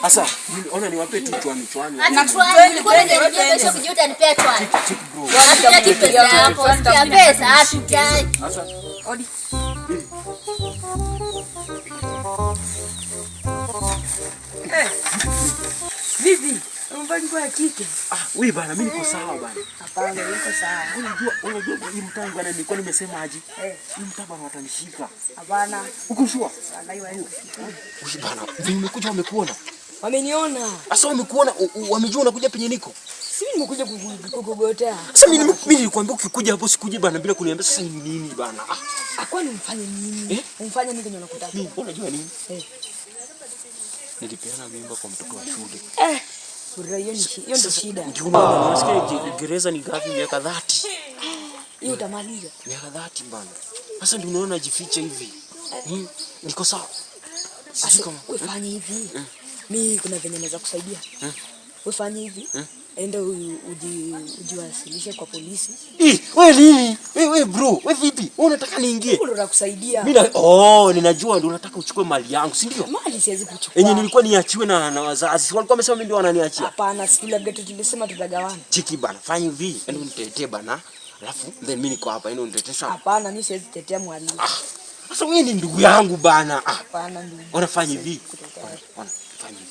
Sasa ona niwape tu chwani chwani. Na chwani kwa nini unajua kuja utanipea chwani? pia pesa yako, wanataka yaani pesa hatutaki. Sasa odi. Eh. Vipi? Mbona kwa kike? Ah, wewe bana mimi niko sawa bana. Hapana, niko sawa. Unajua unajua hii mtangu bana nilikuwa nimesemaje? Eh. Hii mtaba watanishika. Hapana. Uko sure? Wallahi Ushibana. Vimekuja wamekuona. Wameniona. Sasa wamekuona, wamejua unakuja penye niko. Si mimi nimekuja kukogota. Sasa mimi mimi nilikwambia ukikuja hapo sikuje bana bila kuniambia sasa ni nini bana. Ah, ah kwa nini mfanye nini? Eh? Umfanye nini kwenye unakutaka? Mimi unajua nini? Eh. Nilipeana mimba kwa mtoto wa shule. Eh. Hiyo ndio shida. Ndio Juma, unasikia gereza ni gapi miaka 30? Hiyo utamaliza. Miaka 30 bana. Sasa ndio unaona jificha hivi. Eh. Hmm? Niko sawa. Sasa kama ufanye hivi. Hmm. Mi kuna venye naweza kusaidia huh? Hmm. Ufanye hivi huh? Hmm. Enda ujiwasilishe kwa polisi. Wewe nini? Wewe bro, wewe vipi? Wewe unataka niingie? Mimi ndo nakusaidia. Mimi oh, ninajua ndio unataka uchukue mali yangu, si ndio? Mali siwezi kuchukua. Yenye nilikuwa niachiwe na, na wazazi. Walikuwa wamesema mimi ndio wananiachia. Hapana, si labda tulisema tutagawana. Chiki bana, fanya hivi. Ndio yaani nitetee bana. Alafu then mimi niko hapa, ndio yaani nitetesha. Hapana, mimi siwezi tetea mwalimu. ah. Sasa wewe ni ndugu yangu bana. Ah, Hapana, ndugu. Unafanya hivi. Ona fanya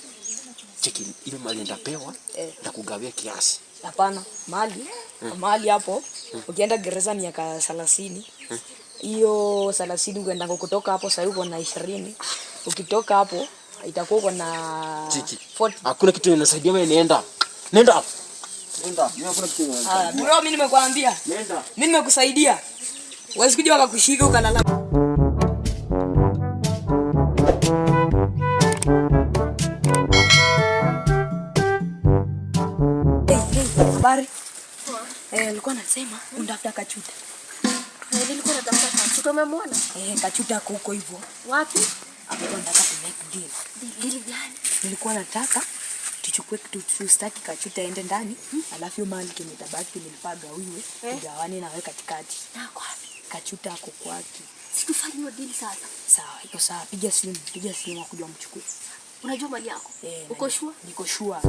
cheki ile mali ndapewa eh, na kugawia kiasi. Hapana, mali hmm, mali hapo hmm, ukienda gereza miaka 30 hmm. hiyo hmm, thelathini ukienda kutoka hapo sasa uko na 20 ukitoka hapo itakuwa uko na cheki. Hakuna kitu inasaidia mimi, nienda nenda nenda, hakuna kitu inasaidia ah, bro. Mimi nimekuambia nenda, mimi nimekusaidia, Wewe sikuja wakakushika ukalala. Unasema unatafuta Kachuta? Eh, Nilikuwa natafuta Kachuta. Umemwona? Eh, Kachuta ako huko hivyo. Wapi? make deal. Deal gani? Nilikuwa nataka tuchukue kitu tustaki Kachuta aende ndani, hmm? alafu mali kenye tabaki nilifaa gawiwe, eh? tugawane na wewe katikati. Na Kachuta ako kwake. deal sasa. Sawa, iko sawa. Piga simu, piga simu akuja mchukue. Unajua mali yako? Eh, uko shua? Niko shua.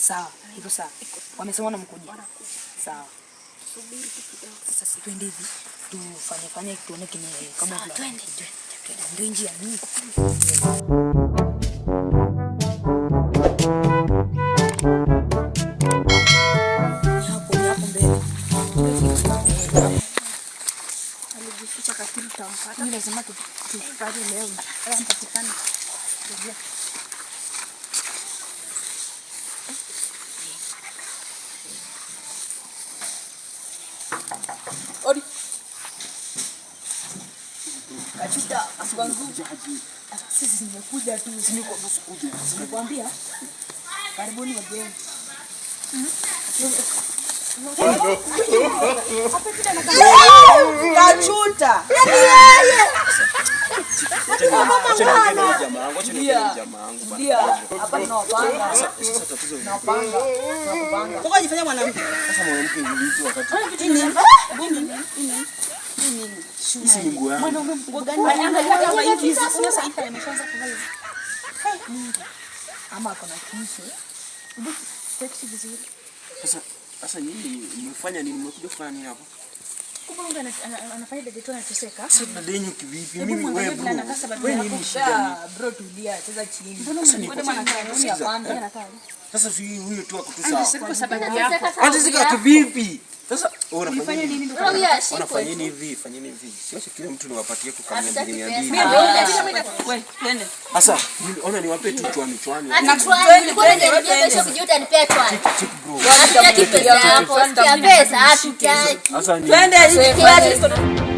Sawa, hivyo sawa. Wamesema wanamkuja. Sawa. Subiri kidogo. Sasa twende hivi. Tufanye fanye tuone kile eh, kama twende. twende. Ndio njia nyingi. Lazima tupate leo. Haya, mtakutana. Afisa asiwangu. Sisi nimekuja tu. Nikwambia. Karibuni wageni. Kachuta. Yaani yeye. mwanamke. Sasa sasa nyinyi mmefanya nini? Mmekuja kufanya nini hapo? Anafanya dede tu anateseka. Sasa dede yenyu kivipi? Mimi wewe bro. Wewe nini shida? Bro tulia, cheza chini. Sasa ni kwa nini? Sasa huyu tu akutusa. Anateseka kivipi? Fanyeni oh, hivi, fanyeni hivi, sio kila mtu niwapatie kwa mia mbili mia mbili. Sasa ona niwape tu chwani chwani. Sasa